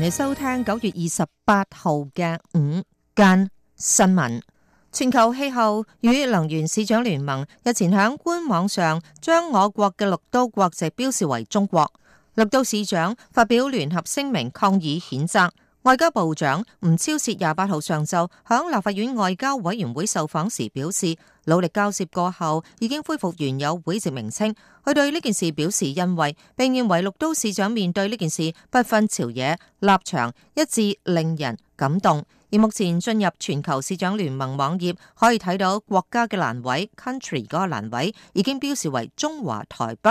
你收聽九月二十八號嘅午間新聞。全球氣候與能源市長聯盟日前響官網上將我國嘅六都國籍標示為中國，六都市長發表聯合聲明抗議譴責。外交部長吳釗燮廿八號上晝喺立法院外交委員會受訪時表示，努力交涉過後，已經恢復原有會籍名稱。佢對呢件事表示欣慰，並認為綠都市長面對呢件事不分朝野立場一致，令人感動。而目前進入全球市長聯盟網頁，可以睇到國家嘅欄位 （country） 個欄位已經標示為中華台北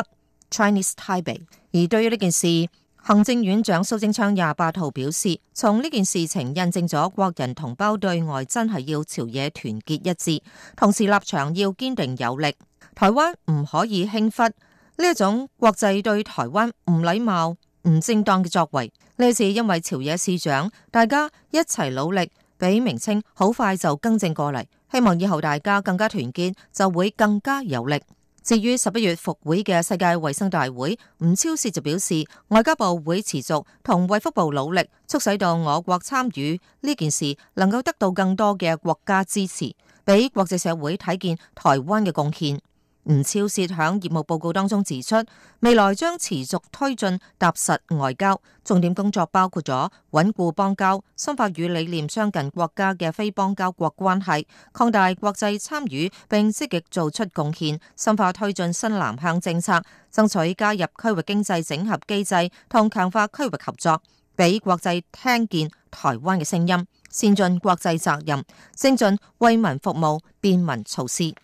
（Chinese Taipei）。而對於呢件事，行政院長蘇貞昌廿八號表示，從呢件事情印證咗國人同胞對外真係要朝野團結一致，同時立場要堅定有力。台灣唔可以輕忽呢一種國際對台灣唔禮貌、唔正當嘅作為。呢次因為朝野市長大家一齊努力，俾名稱好快就更正過嚟。希望以後大家更加團結，就會更加有力。至於十一月復會嘅世界衛生大會，吳釗燮就表示，外交部會持續同衞福部努力，促使到我國參與呢件事，能夠得到更多嘅國家支持，俾國際社會睇見台灣嘅貢獻。吳釗燮喺業務報告當中指出，未來將持續推進踏實外交，重點工作包括咗穩固邦交、深化與理念相近國家嘅非邦交國關係、擴大國際參與並積極做出貢獻、深化推進新南向政策、爭取加入區域經濟整合機制同強化區域合作，俾國際聽見台灣嘅聲音，善盡國際責任，精進為民服務便民措施。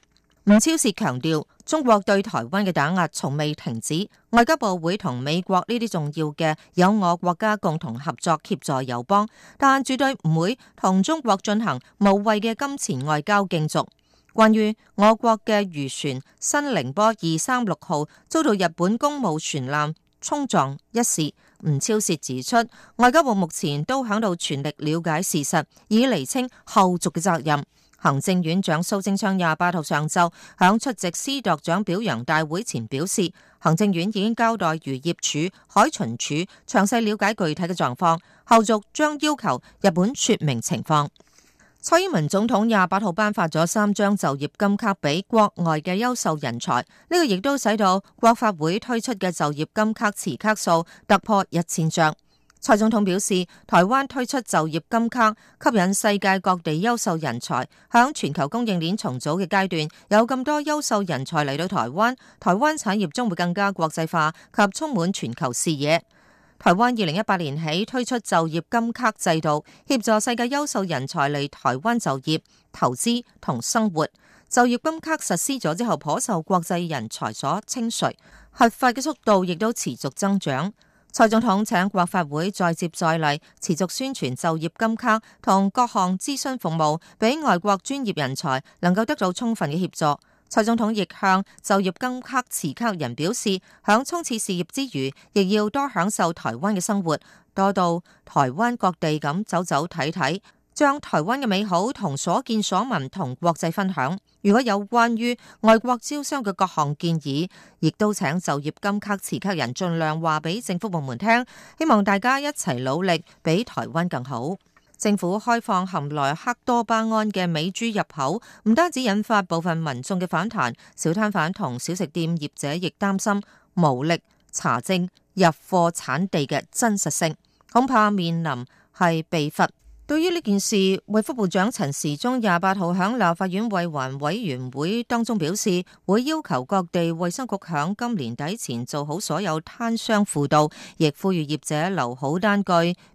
吳超是強調，中國對台灣嘅打壓從未停止。外交部會同美國呢啲重要嘅有我國家共同合作協助友邦，但絕對唔會同中國進行無謂嘅金錢外交競逐。關於我國嘅漁船新凌波二三六號遭到日本公務船艦衝撞一事。吳釗燮指出，外交部目前都響度全力了解事實，以釐清後續嘅責任。行政院長蘇貞昌廿八號上晝響出席司鐸長表揚大會前表示，行政院已經交代漁業署、海巡署詳細了解具體嘅狀況，後續將要求日本說明情況。蔡英文總統廿八號頒發咗三張就業金卡俾國外嘅優秀人才，呢個亦都使到國法會推出嘅就業金卡持卡數突破一千張。蔡總統表示，台灣推出就業金卡，吸引世界各地優秀人才，響全球供應鏈重組嘅階段，有咁多優秀人才嚟到台灣，台灣產業將會更加國際化及充滿全球視野。台灣二零一八年起推出就業金卡制度，協助世界優秀人才嚟台灣就業、投資同生活。就業金卡實施咗之後，頗受國際人才所青睞，核發嘅速度亦都持續增長。蔡總統請國發會再接再厲，持續宣傳就業金卡同各項諮詢服務，俾外國專業人才能夠得到充分嘅協助。蔡總統亦向就業金卡持卡人表示，響衝刺事業之餘，亦要多享受台灣嘅生活，多到台灣各地咁走走睇睇，將台灣嘅美好同所見所聞同國際分享。如果有關於外國招商嘅各項建議，亦都請就業金卡持卡人盡量話俾政府部門聽，希望大家一齊努力，比台灣更好。政府開放含萊克多巴胺嘅美豬入口，唔單止引發部分民眾嘅反彈，小攤販同小食店業者亦擔心無力查證入貨產地嘅真實性，恐怕面臨係被罰。對於呢件事，衛福部長陳時中廿八號響立法院衛環委員會當中表示，會要求各地衛生局響今年底前做好所有攤商輔導，亦呼籲業者留好單據，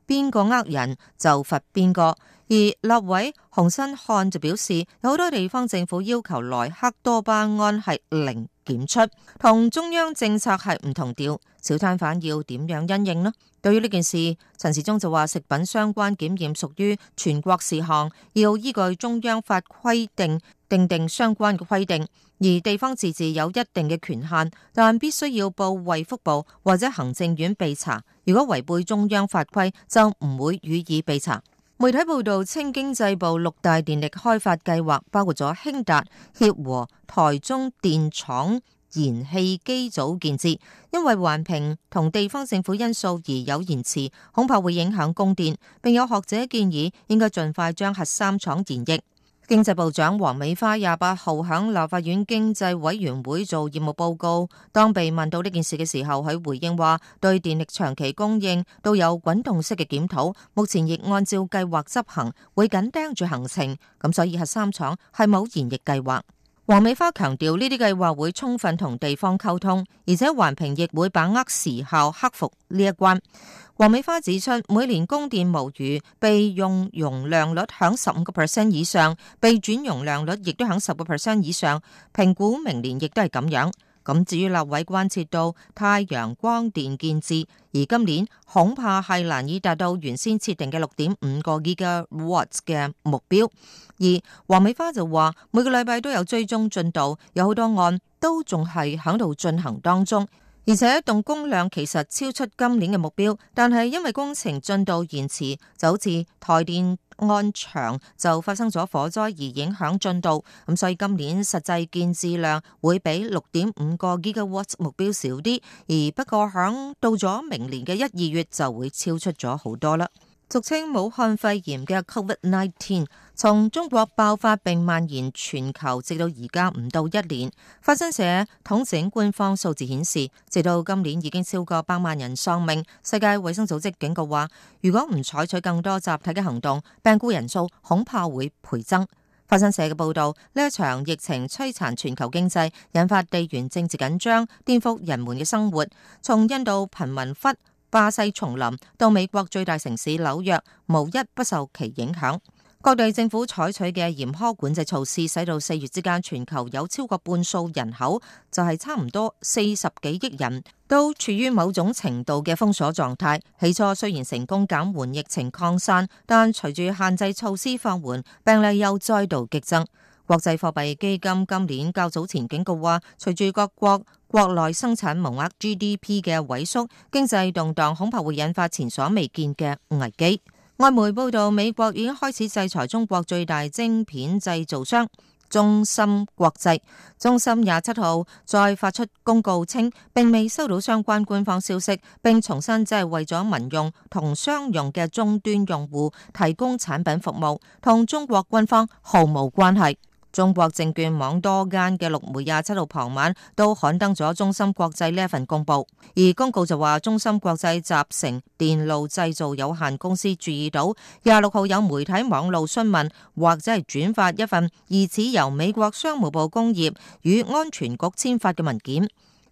邊個呃人就罰邊個。而立委洪申翰就表示，好多地方政府要求萊克多巴胺係零。檢出同中央政策係唔同調，小攤販要點樣因應呢？對於呢件事，陳時中就話：食品相關檢驗屬於全國事項，要依據中央法規定訂定相關嘅規定，而地方自治有一定嘅權限，但必須要報衛福部或者行政院備查。如果違背中央法規，就唔會予以備查。媒體報道稱，經濟部六大電力開發計劃包括咗興達、協和、台中電廠燃氣機組建設，因為環評同地方政府因素而有延遲，恐怕會影響供電，並有學者建議應該盡快將核三廠延役。經濟部長黃美花廿八號響立法院經濟委員會做業務報告，當被問到呢件事嘅時候，佢回應話：對電力長期供應都有滾動式嘅檢討，目前亦按照計劃執行，會緊盯住行程，咁所以核三廠係冇延役計劃。黃美花強調，呢啲計劃會充分同地方溝通，而且環評亦會把握時效，克服呢一關。黃美花指出，每年供電無虞，備用容量率響十五個 percent 以上，備轉容量率亦都響十個 percent 以上，評估明年亦都係咁樣。咁至於立位關切到太陽光電建設，而今年恐怕係難以達到原先設定嘅六點五個億嘅 w a 瓦 s 嘅目標。而黃美花就話每個禮拜都有追蹤進度，有好多案都仲係響度進行當中，而且動工量其實超出今年嘅目標，但係因為工程進度延遲，就好似台電。按場就發生咗火災，而影響進度，咁所以今年實際建置量會比六點五個吉瓦目標少啲，而不過響到咗明年嘅一二月就會超出咗好多啦。俗稱武漢肺炎嘅 COVID-19。從中國爆發並蔓延全球，直到而家唔到一年。法新社統整官方數字顯示，直到今年已經超過百萬人喪命。世界衛生組織警告話，如果唔採取更多集體嘅行動，病故人數恐怕會倍增。法新社嘅報道，呢一場疫情摧殘全球經濟，引發地緣政治緊張，顛覆人們嘅生活。從印度貧民窟、巴西叢林到美國最大城市紐約，無一不受其影響。各地政府採取嘅嚴苛管制措施，使到四月之間全球有超過半數人口，就係差唔多四十幾億人都處於某種程度嘅封鎖狀態。起初雖然成功減緩疫情擴散，但隨住限制措施放緩，病例又再度激增。國際貨幣基金今年較早前警告話，隨住各國國內生產毛額 GDP 嘅萎縮，經濟動盪恐怕會引發前所未見嘅危機。外媒報道，美國已經開始制裁中國最大晶片製造商中芯國際。中芯廿七號再發出公告稱，並未收到相關官方消息，並重申淨係為咗民用同商用嘅終端用戶提供產品服務，同中國軍方毫無關係。中國證券網，多間嘅陸媒廿七號傍晚都刊登咗中芯國際呢一份公佈。而公告就話：中芯國際集成電路製造有限公司注意到廿六號有媒體網路詢問或者係轉發一份疑似由美國商務部工業與安全局簽發嘅文件，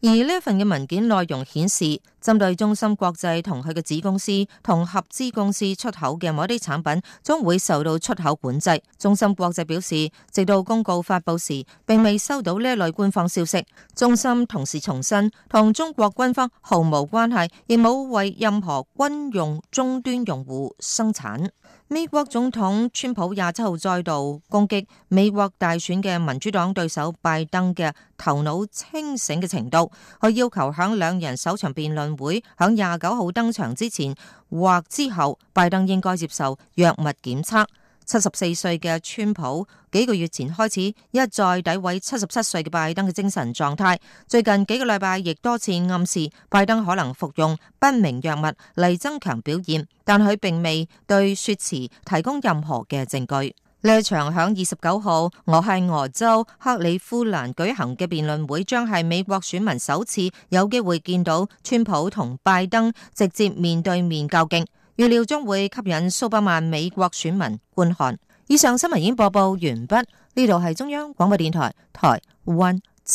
而呢份嘅文件內容顯示。針對中芯國際同佢嘅子公司同合資公司出口嘅某啲產品，將會受到出口管制。中芯國際表示，直到公告發布時，並未收到呢一類官方消息。中芯同時重申，同中國軍方毫無關係，亦冇為任何軍用終端用戶生產。美國總統川普廿七號再度攻擊美國大選嘅民主黨對手拜登嘅頭腦清醒嘅程度，佢要求響兩人首場辯論。會喺廿九號登場之前，或之後，拜登應該接受藥物檢測。七十四歲嘅川普幾個月前開始一再詆毀七十七歲嘅拜登嘅精神狀態，最近幾個禮拜亦多次暗示拜登可能服用不明藥物嚟增強表現，但佢並未對說辭提供任何嘅證據。這場喺二十九號，俄亥俄州克里夫蘭舉行嘅辯論會，將係美國選民首次有機會見到川普同拜登直接面對面較勁。預料將會吸引數百萬美國選民觀看。以上新聞已經播報完畢。呢度係中央廣播電台台灣